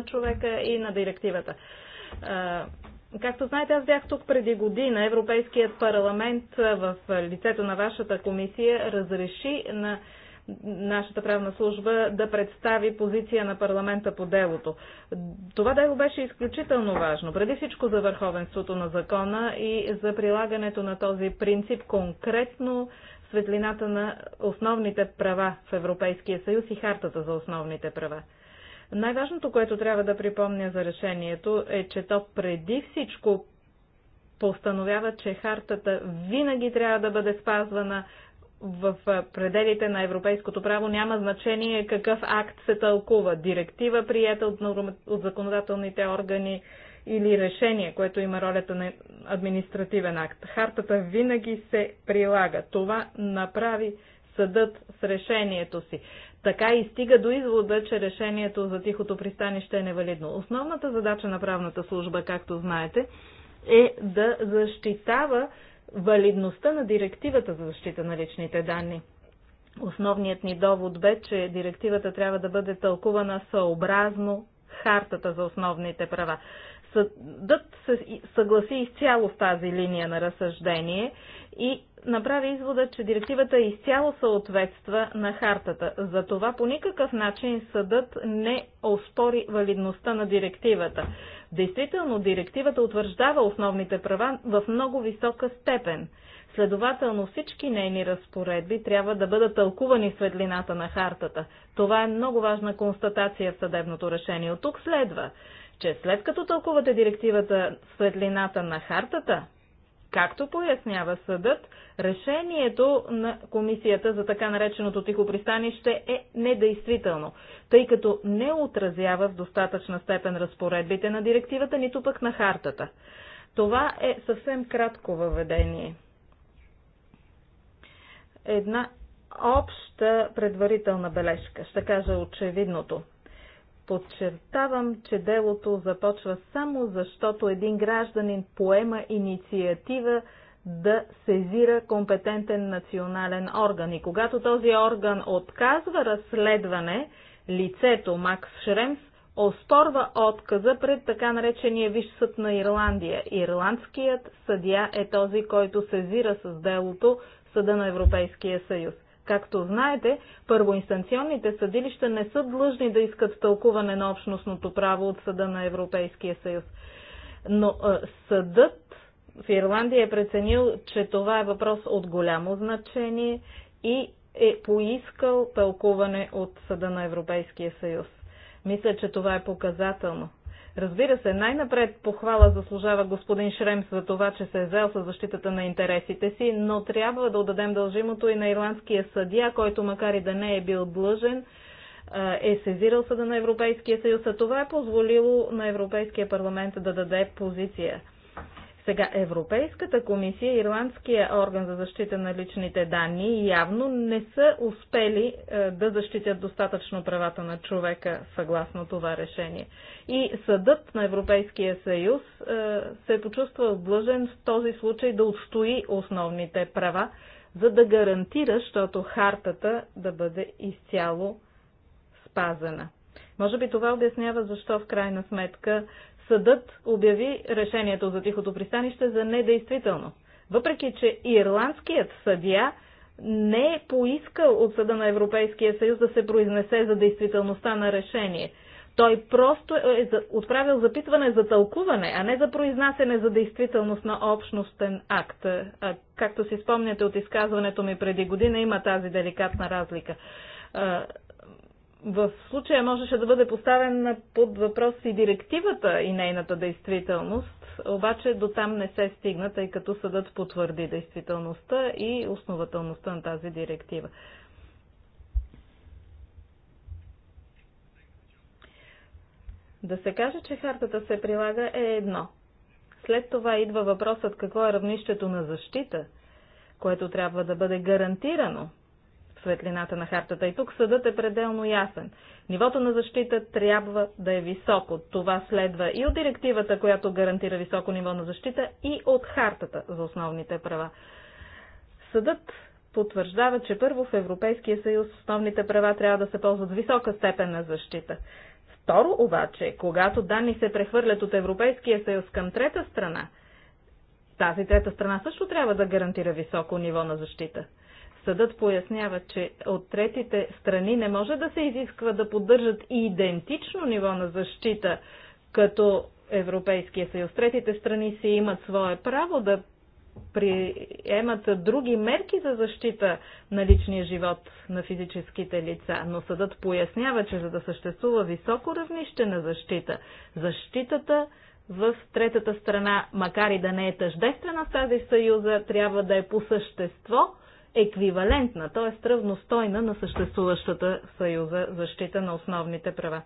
на човека и на директивата. Както знаете, аз бях тук преди година. Европейският парламент в лицето на вашата комисия разреши на нашата правна служба да представи позиция на парламента по делото. Това дело беше изключително важно, преди всичко за върховенството на закона и за прилагането на този принцип конкретно светлината на основните права в Европейския съюз и хартата за основните права. Най-важното, което трябва да припомня за решението е, че то преди всичко постановява, че хартата винаги трябва да бъде спазвана в пределите на европейското право няма значение какъв акт се тълкува. Директива, прията от, норм... от законодателните органи или решение, което има ролята на административен акт. Хартата винаги се прилага. Това направи съдът с решението си така и стига до извода, че решението за тихото пристанище е невалидно. Основната задача на правната служба, както знаете, е да защитава валидността на директивата за защита на личните данни. Основният ни довод бе, че директивата трябва да бъде тълкувана съобразно хартата за основните права съдът се съгласи изцяло в тази линия на разсъждение и направи извода, че директивата изцяло съответства на хартата. Затова по никакъв начин съдът не оспори валидността на директивата. Действително, директивата утвърждава основните права в много висока степен. Следователно всички нейни разпоредби трябва да бъдат тълкувани в светлината на хартата. Това е много важна констатация в съдебното решение. От тук следва, че след като тълкувате директивата в светлината на хартата, Както пояснява съдът, решението на комисията за така нареченото тихо пристанище е недействително, тъй като не отразява в достатъчна степен разпоредбите на директивата, нито пък на хартата. Това е съвсем кратко въведение. Една обща предварителна бележка. Ще кажа очевидното. Подчертавам, че делото започва само защото един гражданин поема инициатива да сезира компетентен национален орган. И когато този орган отказва разследване, лицето Макс Шремс оспорва отказа пред така наречения Виш съд на Ирландия. Ирландският съдия е този, който сезира с делото Съда на Европейския съюз. Както знаете, първоинстанционните съдилища не са длъжни да искат тълкуване на общностното право от Съда на Европейския съюз. Но съдът в Ирландия е преценил, че това е въпрос от голямо значение и е поискал тълкуване от Съда на Европейския съюз. Мисля, че това е показателно. Разбира се, най-напред похвала заслужава господин Шремс за това, че се е взел със защитата на интересите си, но трябва да отдадем дължимото и на ирландския съдия, който макар и да не е бил длъжен, е сезирал съда на Европейския съюз, а това е позволило на Европейския парламент да даде позиция. Сега Европейската комисия и Ирландския орган за защита на личните данни явно не са успели е, да защитят достатъчно правата на човека съгласно това решение. И съдът на Европейския съюз е, се е почувства длъжен в този случай да отстои основните права, за да гарантира, защото хартата да бъде изцяло спазена. Може би това обяснява защо в крайна сметка съдът обяви решението за тихото пристанище за недействително. Въпреки, че ирландският съдия не е поискал от Съда на Европейския съюз да се произнесе за действителността на решение. Той просто е отправил запитване за тълкуване, а не за произнасене за действителност на общностен акт. Както си спомняте от изказването ми преди година, има тази деликатна разлика в случая можеше да бъде поставен под въпрос и директивата и нейната действителност, обаче до там не се стигна, тъй като съдът потвърди действителността и основателността на тази директива. Да се каже, че хартата се прилага е едно. След това идва въпросът какво е равнището на защита, което трябва да бъде гарантирано светлината на хартата. И тук съдът е пределно ясен. Нивото на защита трябва да е високо. Това следва и от директивата, която гарантира високо ниво на защита, и от хартата за основните права. Съдът потвърждава, че първо в Европейския съюз основните права трябва да се ползват висока степен на защита. Второ обаче, когато данни се прехвърлят от Европейския съюз към трета страна, тази трета страна също трябва да гарантира високо ниво на защита. Съдът пояснява, че от третите страни не може да се изисква да поддържат и идентично ниво на защита като Европейския съюз. Третите страни си имат свое право да приемат други мерки за защита на личния живот на физическите лица, но съдът пояснява, че за да съществува високо равнище на защита, защитата в третата страна, макар и да не е тъждествена с тази съюза, трябва да е по същество еквивалентна, т.е. равностойна на съществуващата в Съюза защита на основните права.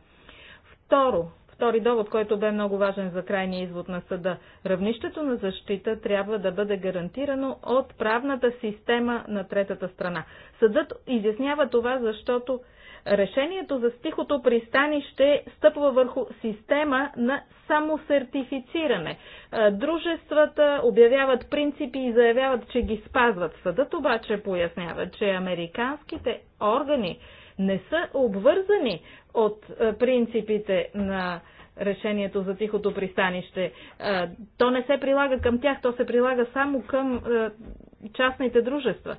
Второ, втори довод, който бе много важен за крайния извод на съда. Равнището на защита трябва да бъде гарантирано от правната система на третата страна. Съдът изяснява това, защото Решението за стихото пристанище стъпва върху система на самосертифициране. Дружествата обявяват принципи и заявяват, че ги спазват. Съдът обаче пояснява, че американските органи не са обвързани от принципите на решението за тихото пристанище. То не се прилага към тях, то се прилага само към частните дружества.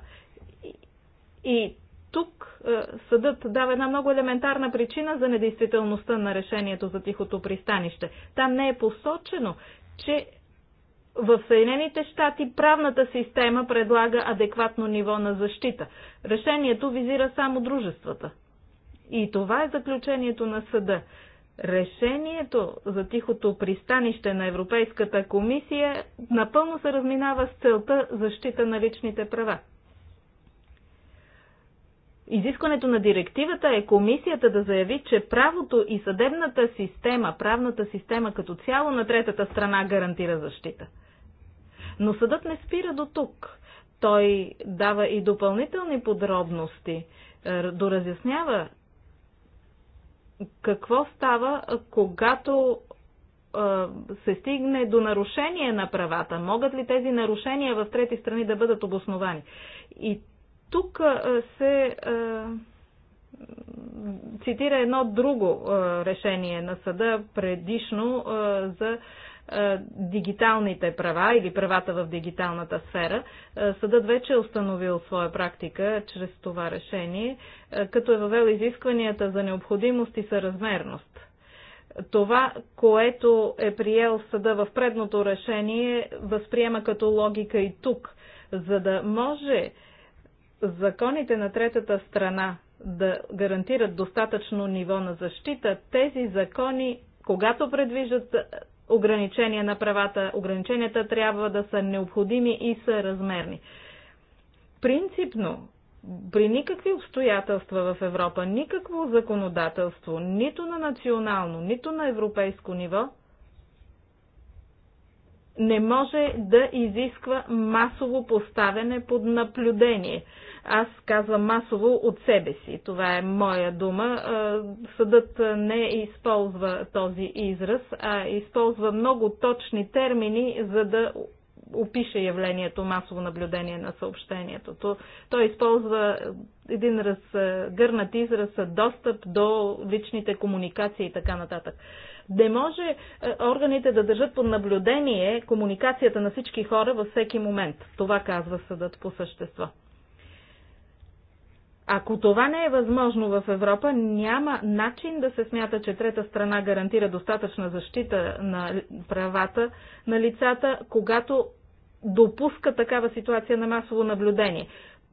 И тук е, съдът дава една много елементарна причина за недействителността на решението за тихото пристанище. Там не е посочено, че в Съединените щати правната система предлага адекватно ниво на защита. Решението визира само дружествата. И това е заключението на съда. Решението за тихото пристанище на Европейската комисия напълно се разминава с целта защита на личните права. Изискването на директивата е комисията да заяви, че правото и съдебната система, правната система като цяло на третата страна гарантира защита. Но съдът не спира до тук. Той дава и допълнителни подробности, е, доразяснява какво става, когато е, се стигне до нарушение на правата. Могат ли тези нарушения в трети страни да бъдат обосновани? И тук се цитира едно друго решение на съда предишно за дигиталните права или правата в дигиталната сфера. Съдът вече е установил своя практика чрез това решение, като е въвел изискванията за необходимост и съразмерност. Това, което е приел съда в предното решение, възприема като логика и тук, за да може законите на третата страна да гарантират достатъчно ниво на защита, тези закони, когато предвиждат е, ограничения на правата, ограниченията трябва да са необходими и са размерни. Принципно, при никакви обстоятелства в Европа, никакво законодателство, нито на национално, нито на европейско ниво, не може да изисква масово поставяне под наблюдение. Аз казвам масово от себе си. Това е моя дума. Съдът не използва този израз, а използва много точни термини, за да опише явлението масово наблюдение на съобщението. То, той използва един разгърнат израз достъп до личните комуникации и така нататък. Не може е, органите да държат под наблюдение комуникацията на всички хора във всеки момент. Това казва съдът по същество. Ако това не е възможно в Европа, няма начин да се смята, че трета страна гарантира достатъчна защита на правата на лицата, когато допуска такава ситуация на масово наблюдение.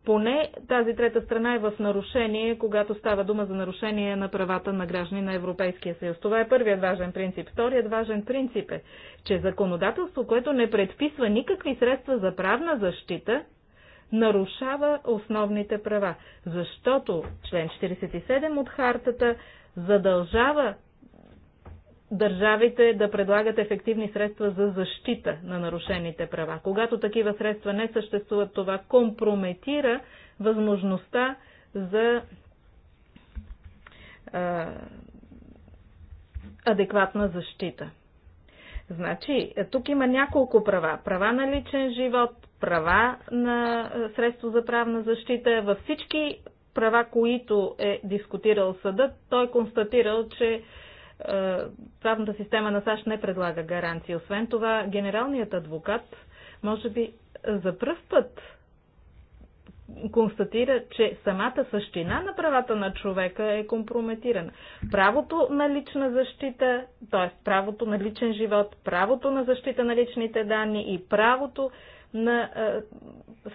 Поне тази трета страна е в нарушение, когато става дума за нарушение на правата на граждани на Европейския съюз. Това е първият важен принцип. Вторият важен принцип е, че законодателство, което не предписва никакви средства за правна защита, нарушава основните права, защото член 47 от хартата задължава държавите да предлагат ефективни средства за защита на нарушените права. Когато такива средства не съществуват, това компрометира възможността за а, адекватна защита. Значи, тук има няколко права. Права на личен живот, права на средство за правна защита. Във всички права, които е дискутирал съдът, той констатирал, че е, правната система на САЩ не предлага гаранции. Освен това, генералният адвокат, може би за пръв път констатира, че самата същина на правата на човека е компрометирана. Правото на лична защита, т.е. правото на личен живот, правото на защита на личните данни и правото на е,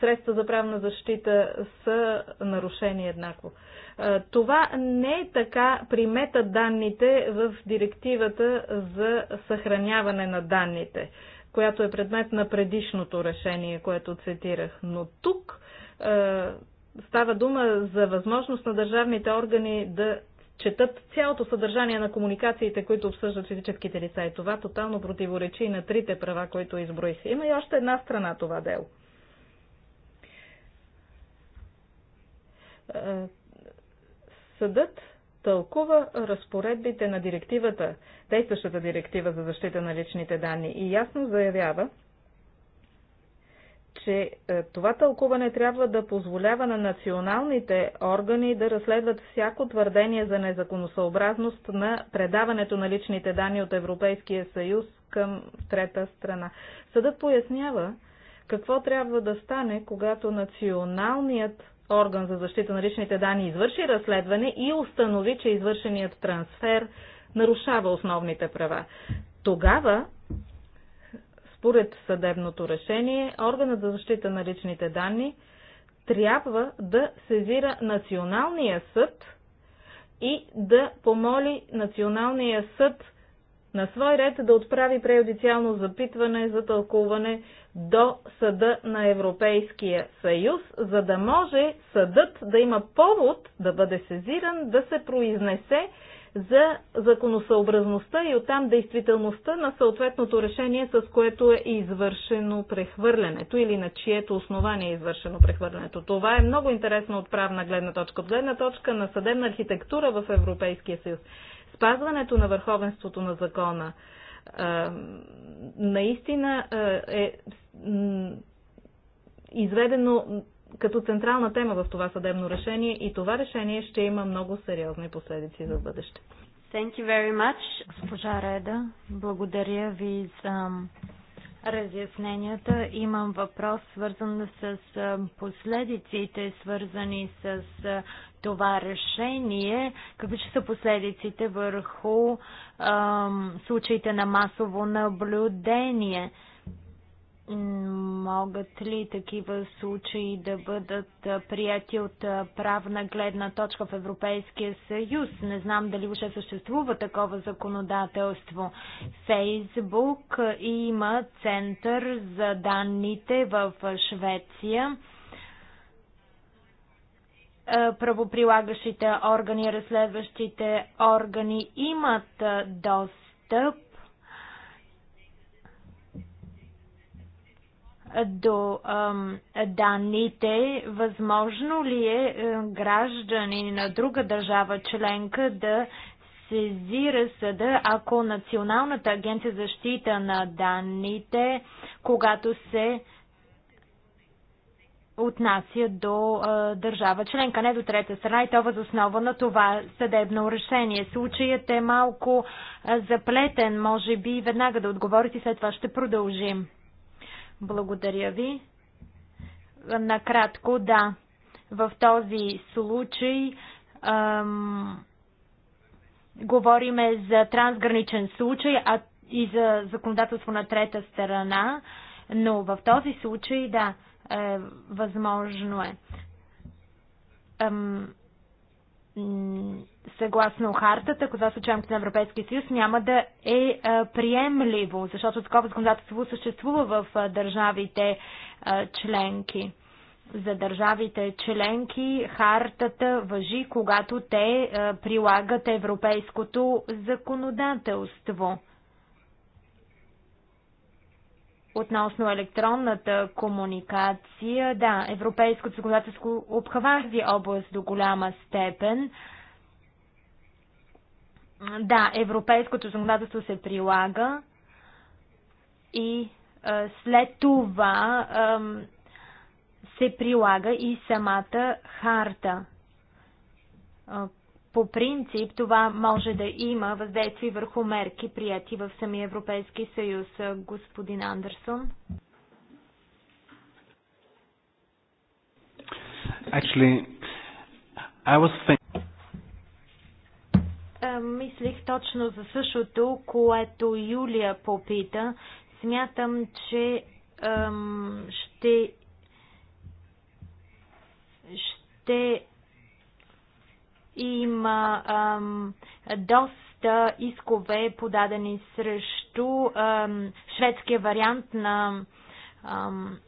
средства за правна защита са нарушени еднакво. Е, това не е така при метаданните в директивата за съхраняване на данните, която е предмет на предишното решение, което цитирах. Но тук е, става дума за възможност на държавните органи да четат цялото съдържание на комуникациите, които обсъждат физическите лица. И това тотално противоречи и на трите права, които изброих. Има и още една страна това дело. Е, Съдът тълкува разпоредбите на директивата, действащата директива за защита на личните данни и ясно заявява, че е, това тълкуване трябва да позволява на националните органи да разследват всяко твърдение за незаконосъобразност на предаването на личните данни от Европейския съюз към трета страна. Съдът пояснява какво трябва да стане, когато националният орган за защита на личните данни извърши разследване и установи, че извършеният трансфер нарушава основните права. Тогава, според съдебното решение, органът за защита на личните данни трябва да сезира Националния съд и да помоли Националния съд на свой ред да отправи преюдициално запитване за тълкуване до съда на Европейския съюз, за да може съдът да има повод да бъде сезиран, да се произнесе за законосъобразността и оттам действителността на съответното решение, с което е извършено прехвърлянето или на чието основание е извършено прехвърлянето. Това е много интересно от правна гледна точка, от гледна точка на съдебна архитектура в Европейския съюз. Спазването на върховенството на закона, наистина е изведено като централна тема в това съдебно решение и това решение ще има много сериозни последици за бъдеще. Thank you very much, госпожа Реда. Благодаря ви за разясненията. Имам въпрос, свързан с последиците, свързани с това решение. Какви ще са последиците върху ам, случаите на масово наблюдение? Могат ли такива случаи да бъдат прияти от правна гледна точка в Европейския съюз? Не знам дали уже съществува такова законодателство. Фейсбук има център за данните в Швеция. Правоприлагащите органи, разследващите органи имат достъп до данните, възможно ли е, е граждани на друга държава членка да сезира съда, ако Националната агенция за защита на данните, когато се отнася до а, държава членка, не до трета страна и то възоснова на това съдебно решение. Случаят е малко а, заплетен, може би веднага да отговорите, след това ще продължим. Благодаря ви. Накратко, да. В този случай ам, говориме за трансграничен случай а, и за законодателство на трета страна, но в този случай, да, е, възможно е. Ам, съгласно хартата, когато се членки на Европейския съюз, няма да е приемливо, защото такова законодателство съществува в държавите членки. За държавите членки хартата въжи, когато те прилагат европейското законодателство. Относно електронната комуникация, да, европейското законодателство обхваща област до голяма степен. Да, европейското законодателство се прилага и а, след това а, се прилага и самата харта. А, по принцип това може да има въздействие върху мерки, прияти в самия Европейски съюз, господин Андерсон. Actually, I was thinking... Е, мислих точно за същото, което Юлия попита. Смятам, че ам, ще ще има ам, доста искове подадени срещу ам, шведския вариант на ам,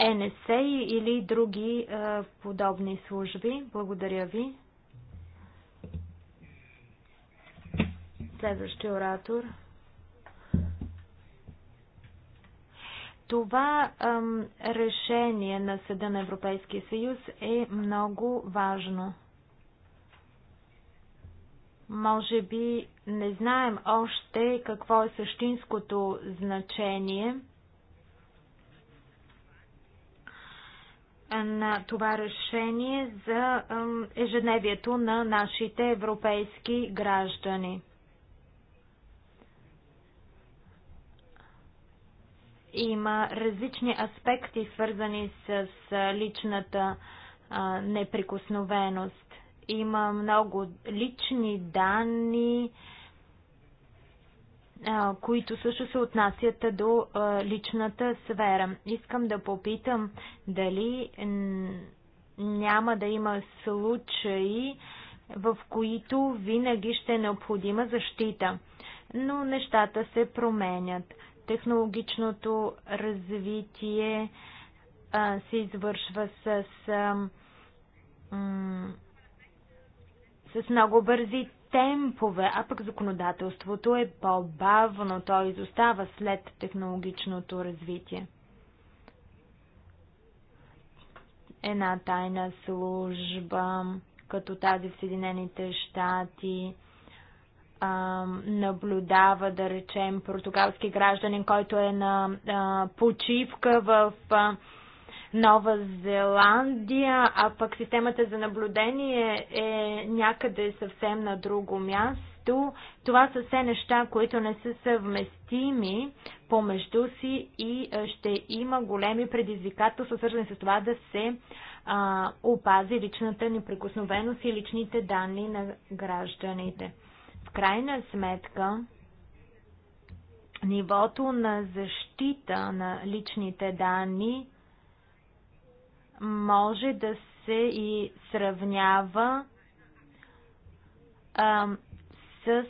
НСА или други а, е, подобни служби. Благодаря ви. Следващия оратор. Това ам, решение на Съда на Европейския съюз е много важно. Може би не знаем още какво е същинското значение на това решение за ежедневието на нашите европейски граждани. Има различни аспекти, свързани с личната неприкосновеност. Има много лични данни, които също се отнасят до личната сфера. Искам да попитам дали няма да има случаи, в които винаги ще е необходима защита. Но нещата се променят технологичното развитие а, се извършва с, а, с много бързи темпове, а пък законодателството е по-бавно, то изостава след технологичното развитие. Една тайна служба, като тази в Съединените щати, наблюдава, да речем, португалски гражданин, който е на почивка в Нова Зеландия, а пък системата за наблюдение е някъде съвсем на друго място. Това са все неща, които не са съвместими помежду си и ще има големи предизвикателства, свързани с това да се опази личната неприкосновеност и личните данни на гражданите. В крайна сметка, нивото на защита на личните данни може да се и сравнява а, с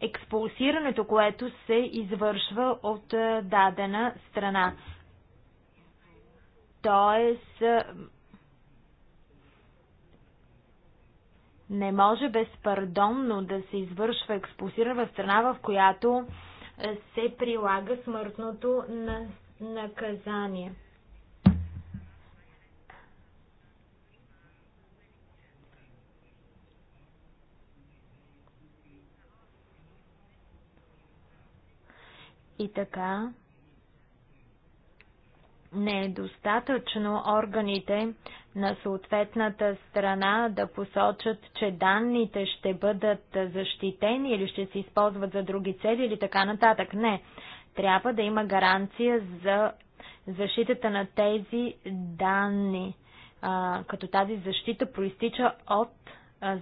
експулсирането, което се извършва от а, дадена страна. Тоест, Не може безпардонно да се извършва експулсиране в страна, в която е, се прилага смъртното наказание. И така, не е достатъчно органите на съответната страна да посочат, че данните ще бъдат защитени или ще се използват за други цели или така нататък. Не. Трябва да има гаранция за защитата на тези данни, като тази защита проистича от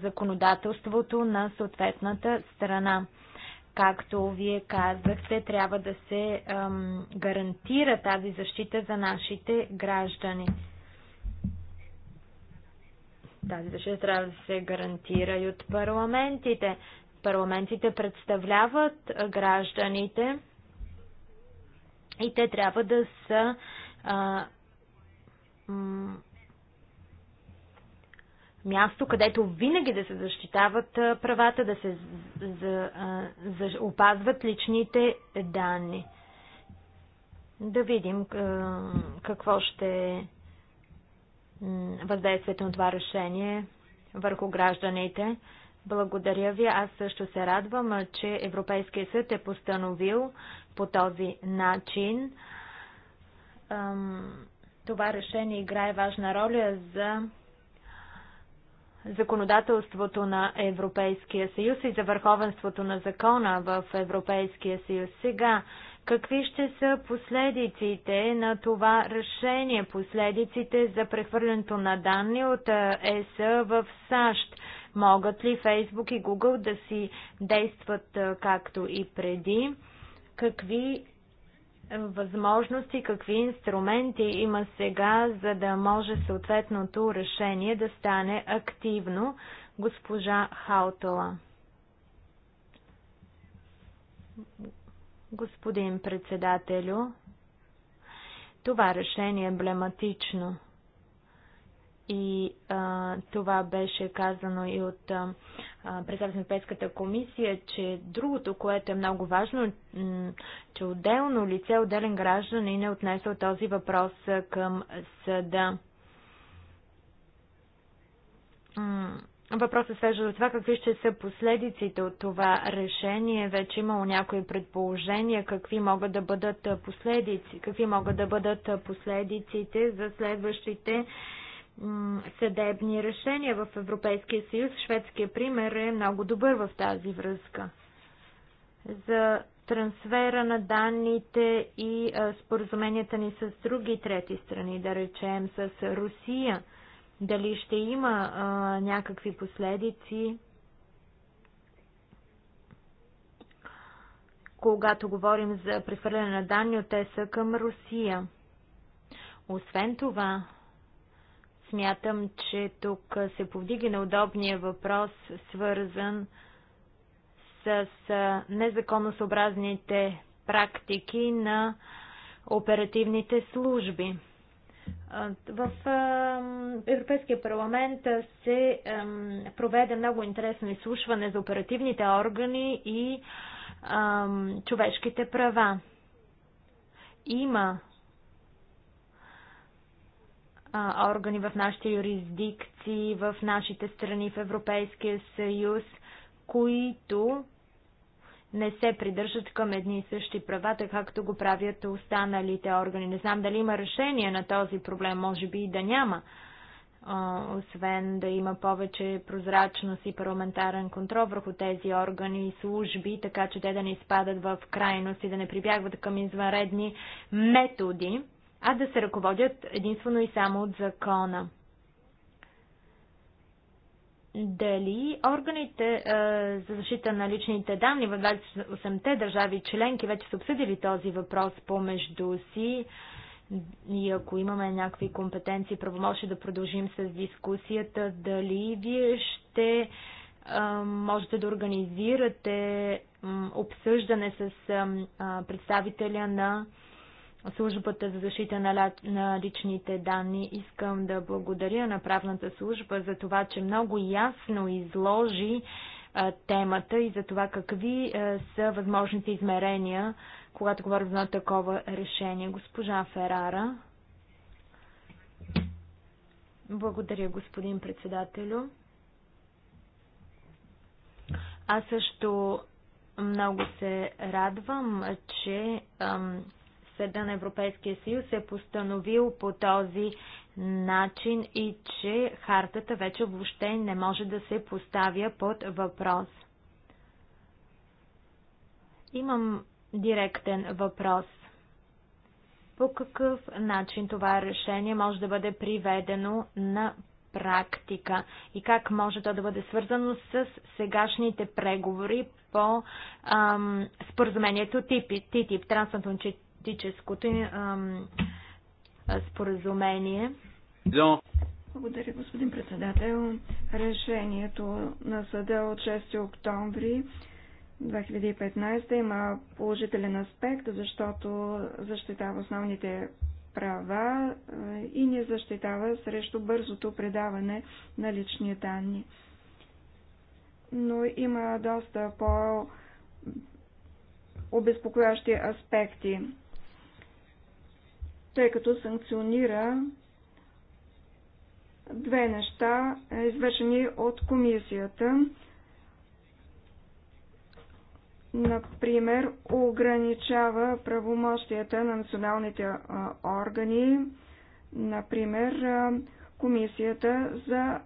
законодателството на съответната страна. Както вие казахте, трябва да се гарантира тази защита за нашите граждани. Тази защита трябва да се гарантира и от парламентите. Парламентите представляват гражданите и те трябва да са а, място, където винаги да се защитават правата, да се за, за, опазват личните данни. Да видим какво ще въздействието на това решение върху гражданите. Благодаря ви. Аз също се радвам, че Европейския съд е постановил по този начин. Това решение играе важна роля за законодателството на Европейския съюз и за върховенството на закона в Европейския съюз. Сега Какви ще са последиците на това решение, последиците за прехвърлянето на данни от ЕС в САЩ? Могат ли Фейсбук и Google да си действат както и преди? Какви възможности, какви инструменти има сега, за да може съответното решение да стане активно, госпожа Хаутала. Господин председателю, това решение е емблематично. И а, това беше казано и от а, на Европейската комисия, че другото, което е много важно, че отделно лице, отделен гражданин е отнесъл този въпрос към съда. Въпросът е свежда до това какви ще са последиците от това решение. Вече е имало някои предположения какви могат да бъдат последици, какви могат да бъдат последиците за следващите съдебни решения в Европейския съюз. Шведския пример е много добър в тази връзка. За трансфера на данните и споразуменията ни с други трети страни, да речем с Русия – дали ще има а, някакви последици, когато говорим за прехвърляне на данни от ЕСА към Русия. Освен това, смятам, че тук се повдига удобния въпрос, свързан с незаконосъобразните практики на оперативните служби. В Европейския парламент се проведе много интересно изслушване за оперативните органи и човешките права. Има органи в нашите юрисдикции, в нашите страни, в Европейския съюз, които не се придържат към едни и същи права, така както го правят останалите органи. Не знам дали има решение на този проблем, може би и да няма, освен да има повече прозрачност и парламентарен контрол върху тези органи и служби, така че те да не изпадат в крайност и да не прибягват към извънредни методи, а да се ръководят единствено и само от закона дали органите а, е, за защита на личните данни в 28-те държави членки вече са обсъдили този въпрос помежду си и ако имаме някакви компетенции, правомощи да продължим с дискусията, дали вие ще а, е, можете да организирате а, обсъждане с а, представителя на а, службата за защита на, личните данни. Искам да благодаря на правната служба за това, че много ясно изложи темата и за това какви са възможните измерения, когато говорим за такова решение. Госпожа Ферара. Благодаря, господин председателю. Аз също много се радвам, че ам, Съда на Европейския съюз е постановил по този начин и че хартата вече въобще не може да се поставя под въпрос. Имам директен въпрос. По какъв начин това решение може да бъде приведено на практика и как може то да бъде свързано с сегашните преговори по ам, споразумението ТИТИП, трансатлантическо политическото е, споразумение. Благодаря, господин председател. Решението на съда от 6 октомври 2015 има положителен аспект, защото защитава основните права е, и не защитава срещу бързото предаване на лични данни. Но има доста по-обезпокоящи аспекти тъй като санкционира две неща, е, извършени от комисията. Например, ограничава правомощията на националните органи, например, комисията за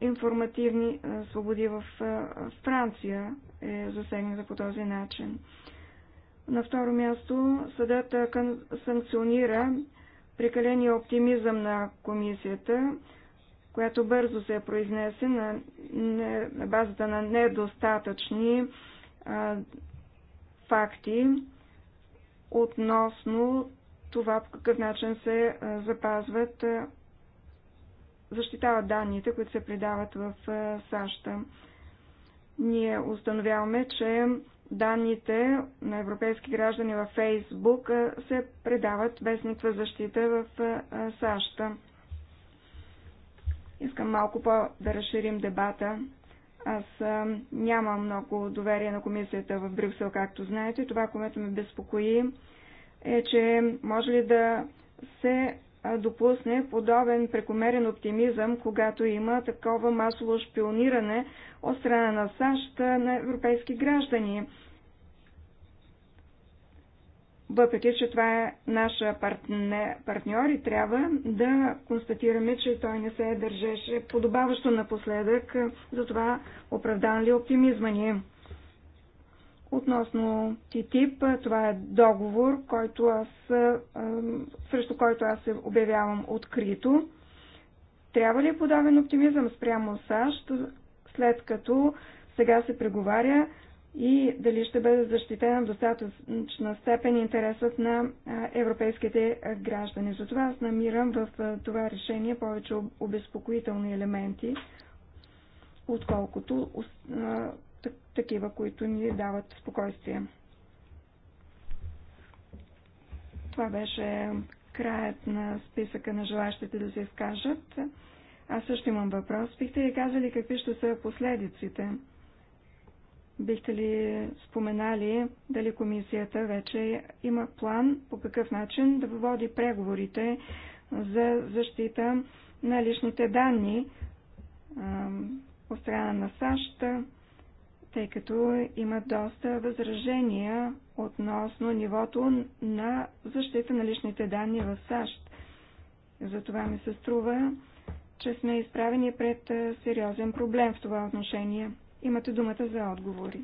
информативни свободи в Франция е засегната по този начин. На второ място, съдът санкционира прекаления оптимизъм на комисията, която бързо се произнесе на, на базата на недостатъчни а, факти относно това по какъв начин се а, запазват, а, защитават данните, които се придават в САЩ. Ние установяваме, че данните на европейски граждани във Фейсбук се предават без никаква защита в САЩ. Искам малко по да разширим дебата. Аз нямам много доверие на комисията в Брюксел, както знаете. Това, което ме безпокои, е, че може ли да се допусне подобен прекомерен оптимизъм, когато има такова масово шпиониране от страна на САЩ на европейски граждани. Въпреки, че това е наша партнер, партньор и трябва да констатираме, че той не се държеше подобаващо напоследък, затова оправдан ли е оптимизма ни. Относно ТИТИП, това е договор, който аз, срещу който аз се обявявам открито. Трябва ли е подобен оптимизъм спрямо САЩ, след като сега се преговаря и дали ще бъде защитена в достатъчна степен интересът на европейските граждани. Затова аз намирам в това решение повече обезпокоителни елементи, отколкото такива, които ни дават спокойствие. Това беше краят на списъка на желащите да се изкажат. Аз също имам въпрос. Бихте ли казали какви ще са последиците? Бихте ли споменали дали комисията вече има план по какъв начин да води преговорите за защита на личните данни от страна на САЩ? тъй като има доста възражения относно нивото на защита на личните данни в САЩ. Затова ми се струва, че сме изправени пред сериозен проблем в това отношение. Имате думата за отговори.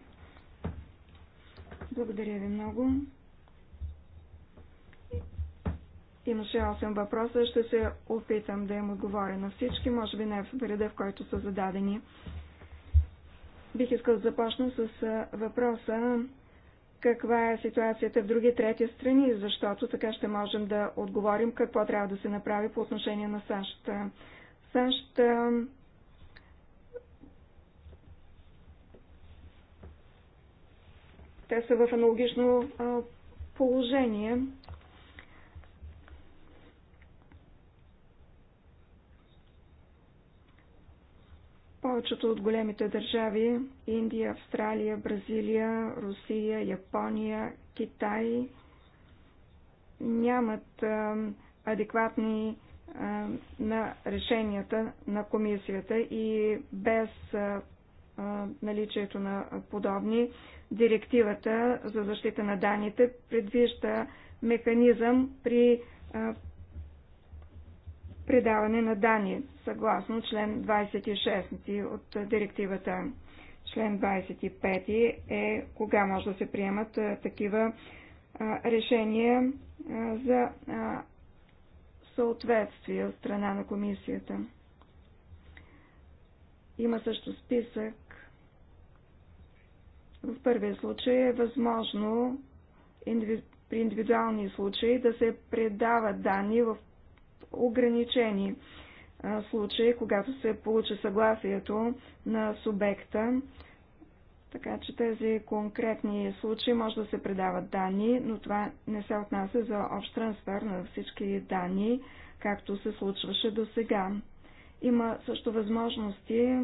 Благодаря ви много. Имаше 8 въпроса, ще се опитам да им отговоря на всички, може би не в реда, в който са зададени. Бих искал да започна с въпроса каква е ситуацията в други трети страни, защото така ще можем да отговорим какво трябва да се направи по отношение на САЩ. САЩ те са в аналогично положение. Повечето от големите държави Индия, Австралия, Бразилия, Русия, Япония, Китай нямат адекватни на решенията на комисията и без наличието на подобни директивата за защита на данните предвижда механизъм при предаване на данни, съгласно член 26 от директивата. Член 25 е кога може да се приемат такива решения за съответствие от страна на комисията. Има също списък. В първия случай е възможно при индивидуални случаи да се предават данни в ограничени случаи, когато се получи съгласието на субекта. Така че тези конкретни случаи може да се предават данни, но това не се отнася за общ трансфер на всички данни, както се случваше до сега. Има също възможности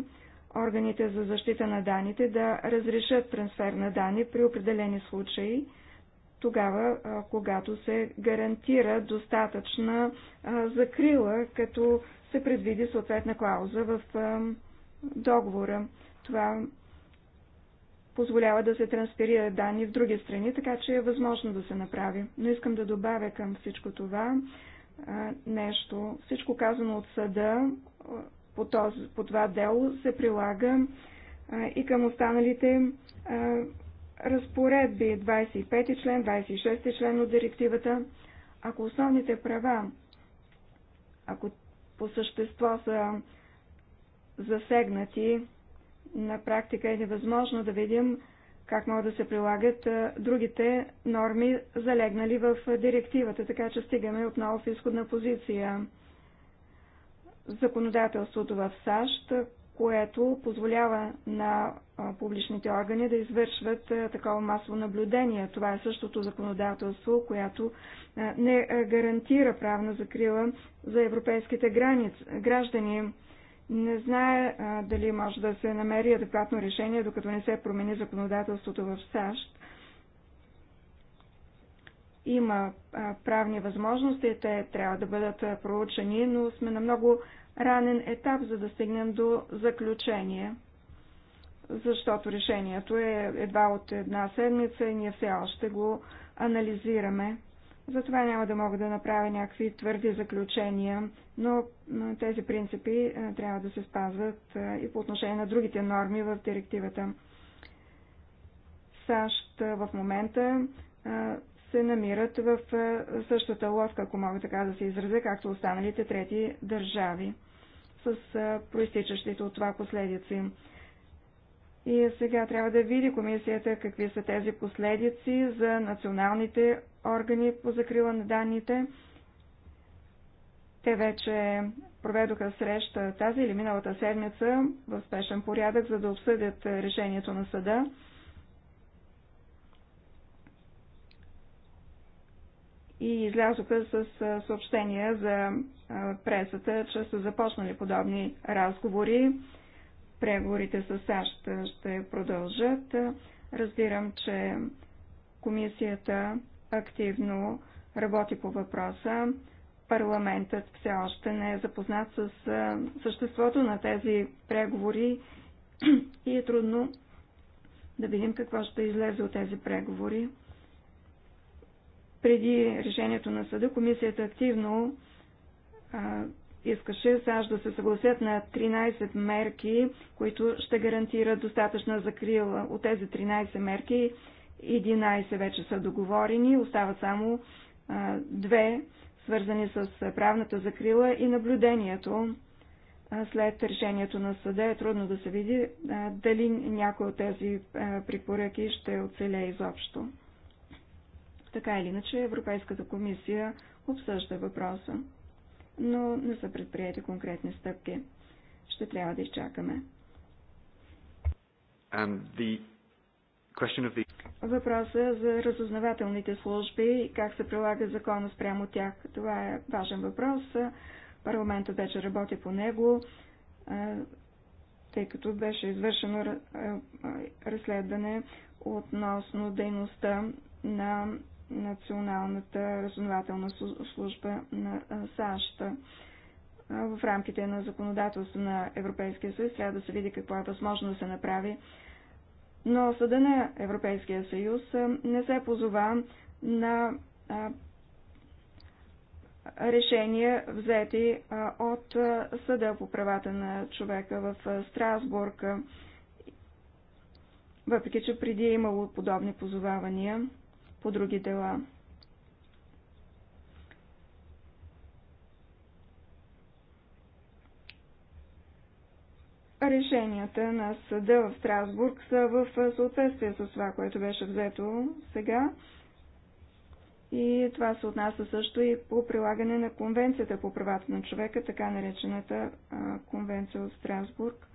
органите за защита на данните да разрешат трансфер на данни при определени случаи, тогава, когато се гарантира достатъчна закрила, като се предвиди съответна клауза в договора. Това позволява да се трансферират данни в други страни, така че е възможно да се направи. Но искам да добавя към всичко това нещо. Всичко казано от съда по, този, по това дело се прилага и към останалите разпоредби 25 член, 26 член от директивата, ако основните права, ако по същество са засегнати, на практика е невъзможно да видим как могат да се прилагат другите норми, залегнали в директивата, така че стигаме отново в изходна позиция. Законодателството в САЩ, което позволява на публичните органи да извършват такова масово наблюдение. Това е същото законодателство, което не гарантира правна закрила за европейските граници, граждани. Не знае дали може да се намери адекватно решение, докато не се промени законодателството в САЩ. Има правни възможности, те трябва да бъдат проучени, но сме на много ранен етап, за да стигнем до заключение, защото решението е едва от една седмица и ние все още го анализираме. Затова няма да мога да направя някакви твърди заключения, но тези принципи е, трябва да се спазват е, и по отношение на другите норми в директивата. САЩ е, в момента се намират в същата лодка, ако мога така да се изразя, както останалите трети държави с проистичащите от това последици. И сега трябва да види комисията какви са тези последици за националните органи по закрила на данните. Те вече проведоха среща тази или миналата седмица в спешен порядък, за да обсъдят решението на съда. И излязоха с съобщения за пресата, че са започнали подобни разговори. Преговорите с САЩ ще продължат. Разбирам, че комисията активно работи по въпроса. Парламентът все още не е запознат с съществото на тези преговори и е трудно да видим какво ще излезе от тези преговори. Преди решението на съда комисията активно искаше САЩ да се съгласят на 13 мерки, които ще гарантират достатъчна закрила. От тези 13 мерки 11 вече са договорени, остават само две, свързани с правната закрила и наблюдението. След решението на съда е трудно да се види дали някой от тези препоръки ще оцелее изобщо. Така или иначе, Европейската комисия обсъжда въпроса но не са предприяти конкретни стъпки. Ще трябва да изчакаме. The... Въпроса за разузнавателните служби и как се прилага закона спрямо тях. Това е важен въпрос. Парламентът вече работи по него, тъй като беше извършено разследване относно дейността на Националната разузнавателна служба на САЩ. В рамките на законодателство на Европейския съюз трябва да се види какво е възможно да се направи. Но съда на Европейския съюз не се позова на решения, взети от Съда по правата на човека в Страсбург, въпреки че преди е имало подобни позовавания по други дела. решенията на съда в Страсбург са в съответствие с това, което беше взето сега. И това се отнася също и по прилагане на Конвенцията по правата на човека, така наречената Конвенция от Страсбург.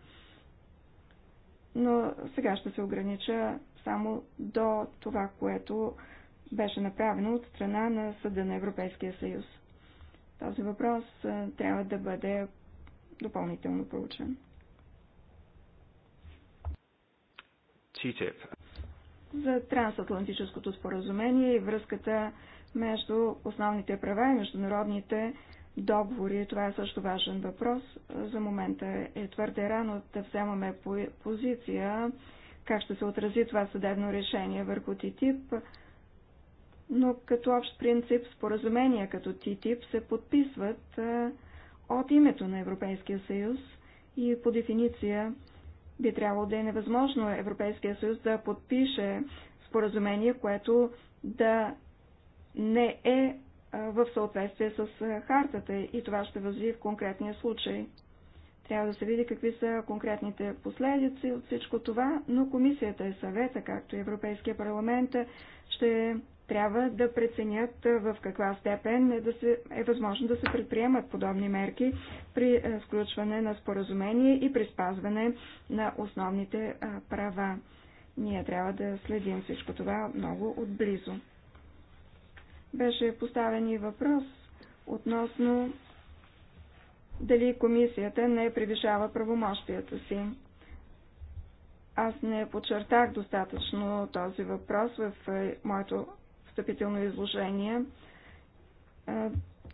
Но сега ще се огранича само до това, което беше направено от страна на Съда на Европейския съюз. Този въпрос трябва да бъде допълнително проучен. За трансатлантическото споразумение и връзката между основните права и международните договори. Това е също важен въпрос. За момента е твърде рано да вземаме позиция как ще се отрази това съдебно решение върху ТИТИП но като общ принцип споразумения като ТТИП се подписват от името на Европейския съюз и по дефиниция би трябвало да е невъзможно Европейския съюз да подпише споразумение, което да не е в съответствие с хартата и това ще възви в конкретния случай. Трябва да се види какви са конкретните последици от всичко това, но комисията и съвета, както и Европейския парламент, ще трябва да преценят в каква степен е, да се, е възможно да се предприемат подобни мерки при сключване на споразумение и при спазване на основните права. Ние трябва да следим всичко това много отблизо. Беше поставен и въпрос относно дали комисията не превишава правомощията си. Аз не подчертах достатъчно този въпрос в моето встъпително изложение.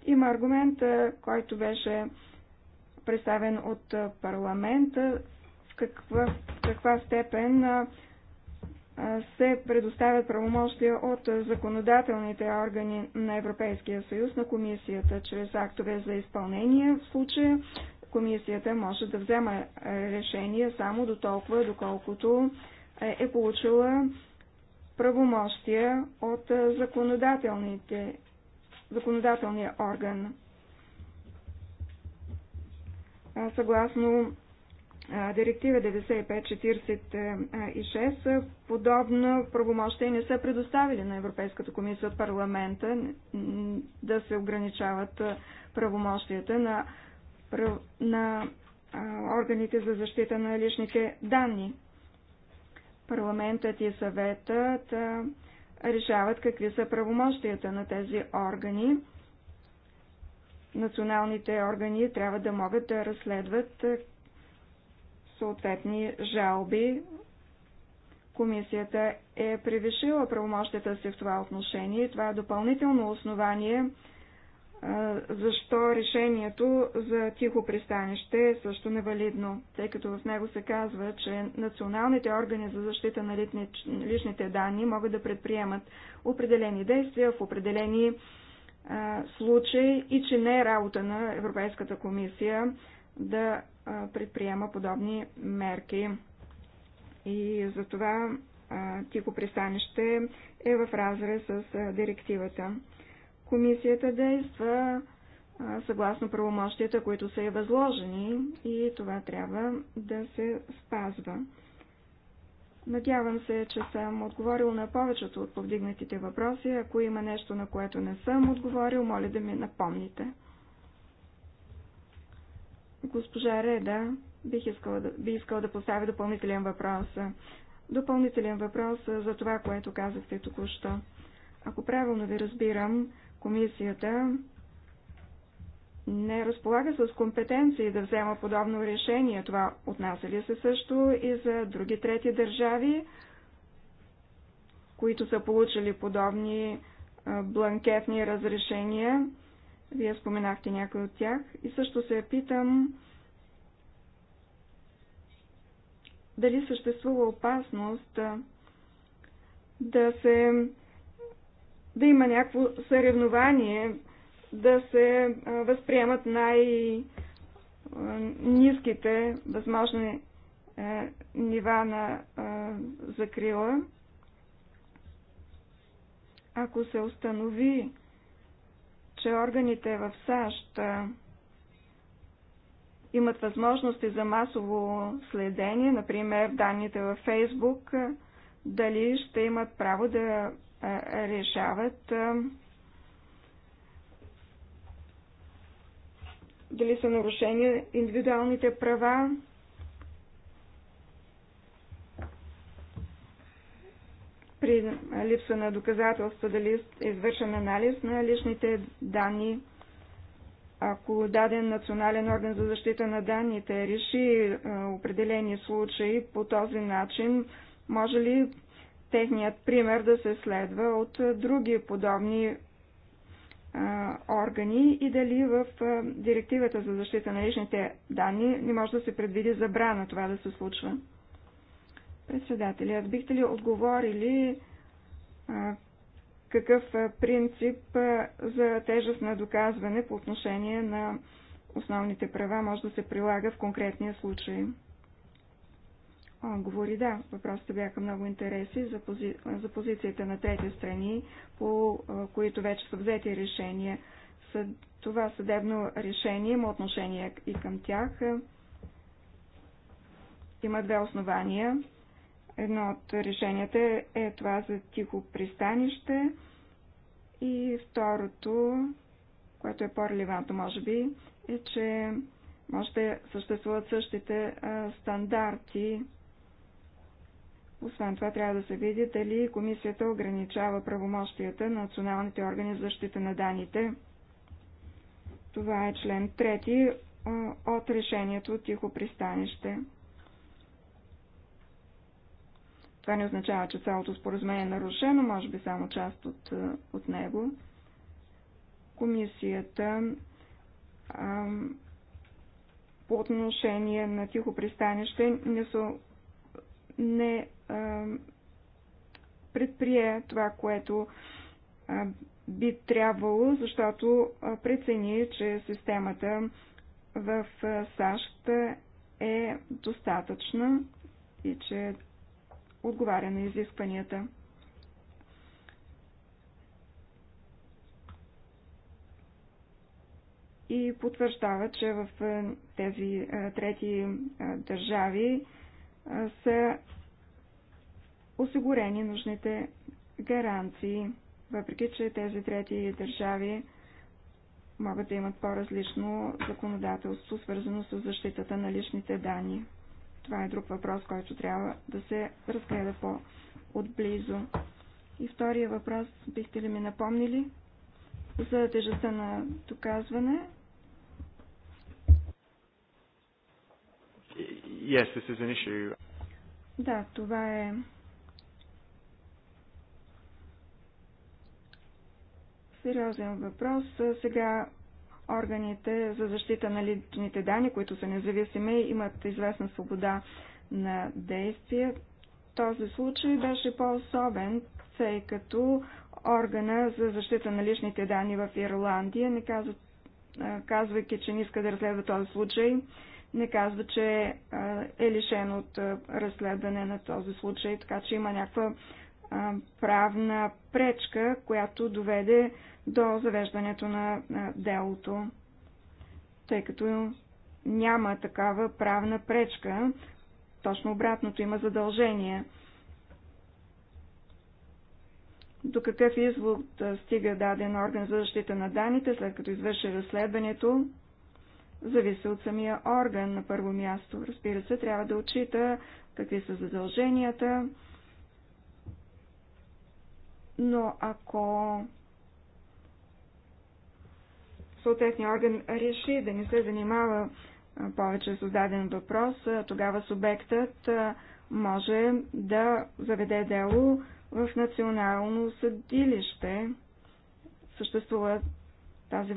Има аргумент, който беше представен от парламента, в каква, в каква степен се предоставят правомощия от законодателните органи на Европейския съюз на комисията чрез актове за изпълнение. В случая комисията може да взема решение само до толкова, доколкото е, е получила правомощия от е, законодателните, законодателния орган. Съгласно Директива 9546 е, подобно правомощие не са предоставили на Европейската комисия от парламента да се ограничават е, правомощията на, на органите за защита на личните данни. Парламентът и съветът решават какви са правомощията на тези органи. Националните органи трябва да могат да разследват съответни жалби. Комисията е превишила правомощията си в това отношение това е допълнително основание защо решението за тихо пристанище е също невалидно, тъй като в него се казва, че националните органи за защита на личните данни могат да предприемат определени действия в определени случаи и че не е работа на Европейската комисия да предприема подобни мерки. И затова тихо пристанище е в разрез с директивата комисията действа съгласно правомощията, които са е възложени и това трябва да се спазва. Надявам се, че съм отговорил на повечето от повдигнатите въпроси. Ако има нещо, на което не съм отговорил, моля да ми напомните. Госпожа Реда, бих искала да, би искала да поставя допълнителен въпрос. Допълнителен въпрос за това, което казахте току-що. Ако правилно ви разбирам, Комисията не разполага с компетенции да взема подобно решение. Това отнася ли се също и за други трети държави, които са получили подобни бланкетни разрешения? Вие споменахте някой от тях. И също се питам дали съществува опасност да се да има някакво съревнование, да се възприемат най-низките възможни е, нива на закрила. Ако се установи, че органите в САЩ имат възможности за масово следение, например данните във Фейсбук, дали ще имат право да решават дали са нарушени индивидуалните права. При липса на доказателства дали е извършен анализ на личните данни. Ако даден национален орган за защита на данните реши определени случаи по този начин, може ли техният пример да се следва от други подобни а, органи и дали в а, директивата за защита на личните данни не може да се предвиди забрана това да се случва. Председателят, бихте ли отговорили а, какъв принцип а, за тежест на доказване по отношение на основните права може да се прилага в конкретния случай? отговори. Да, въпросите бяха много интереси за, пози... за позицията на трети страни, по които вече са взети решения. Съд... Това съдебно решение има отношение и към тях. Има две основания. Едно от решенията е това за тихо пристанище и второто, което е по-релевантно, може би, е, че може да съществуват същите а, стандарти освен това трябва да се види дали комисията ограничава правомощията на националните органи за защита на даните. Това е член 3 от решението тихо пристанище. Това не означава, че цялото споразумение е нарушено, може би само част от, от него. Комисията ам, по отношение на тихо пристанище не, са не предприе това, което би трябвало, защото прецени, че системата в САЩ е достатъчна и че отговаря на изискванията. И потвърждава, че в тези трети държави са осигурени нужните гаранции, въпреки че тези трети държави могат да имат по-различно законодателство, свързано с защитата на личните данни. Това е друг въпрос, който трябва да се разгледа по-отблизо. И втория въпрос, бихте ли ми напомнили за тежестта на доказване? Yes, this is an issue. Да, това е сериозен въпрос. Сега органите за защита на личните данни, които са независими, имат известна свобода на действие. Този случай беше по-особен, тъй като органа за защита на личните данни в Ирландия не казва, казвайки, че не иска да разследва този случай, не казва, че е лишен от разследване на този случай, така че има някаква правна пречка, която доведе до завеждането на делото, тъй като няма такава правна пречка, точно обратното има задължение. До какъв извод стига даден орган за защита на данните, след като извърши разследването, зависи от самия орган на първо място. Разбира се, трябва да отчита какви са задълженията, но ако съответния орган реши да не се занимава повече с даден въпрос, тогава субектът може да заведе дело в национално съдилище. Съществува тази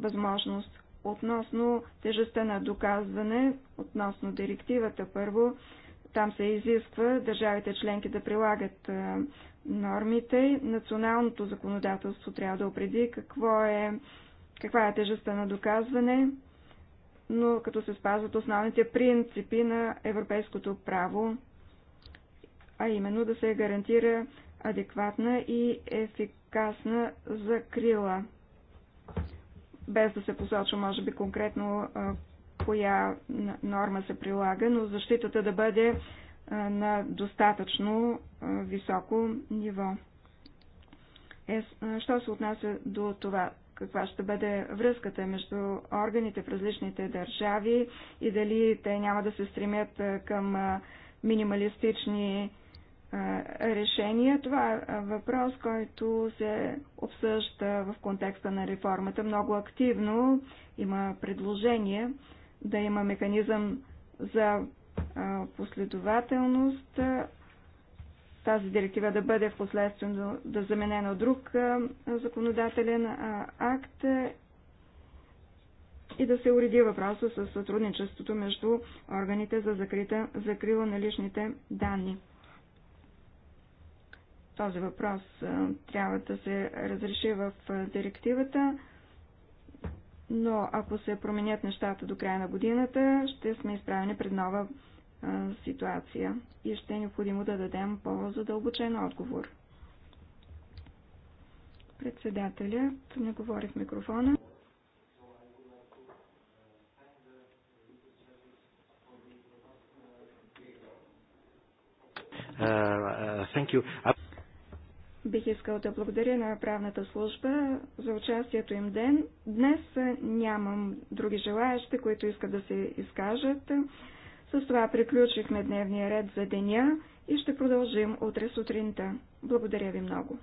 възможност. Относно тежестта на доказване, относно директивата първо, там се изисква държавите членки да прилагат нормите. Националното законодателство трябва да определи какво е каква е тежестта на доказване, но като се спазват основните принципи на европейското право, а именно да се гарантира адекватна и ефикасна закрила. Без да се посочва, може би, конкретно коя норма се прилага, но защитата да бъде на достатъчно високо ниво. Е, що се отнася до това каква ще бъде връзката между органите в различните държави и дали те няма да се стремят към минималистични решения. Това е въпрос, който се обсъжда в контекста на реформата много активно. Има предложение да има механизъм за последователност, тази директива да бъде в последствие да заменена от друг законодателен акт е, и да се уреди въпроса с сътрудничеството между органите за закрита, закрила на личните данни. Този въпрос трябва да се разреши в директивата, но ако се променят нещата до края на годината, ще сме изправени пред нова ситуация и ще е необходимо да дадем по-задълбочен отговор. Председателят не говори в микрофона. Бих искал да благодаря на правната служба за участието им ден. Днес нямам други желаящи, които искат да се изкажат. С това приключихме дневния ред за деня и ще продължим утре сутринта. Благодаря ви много.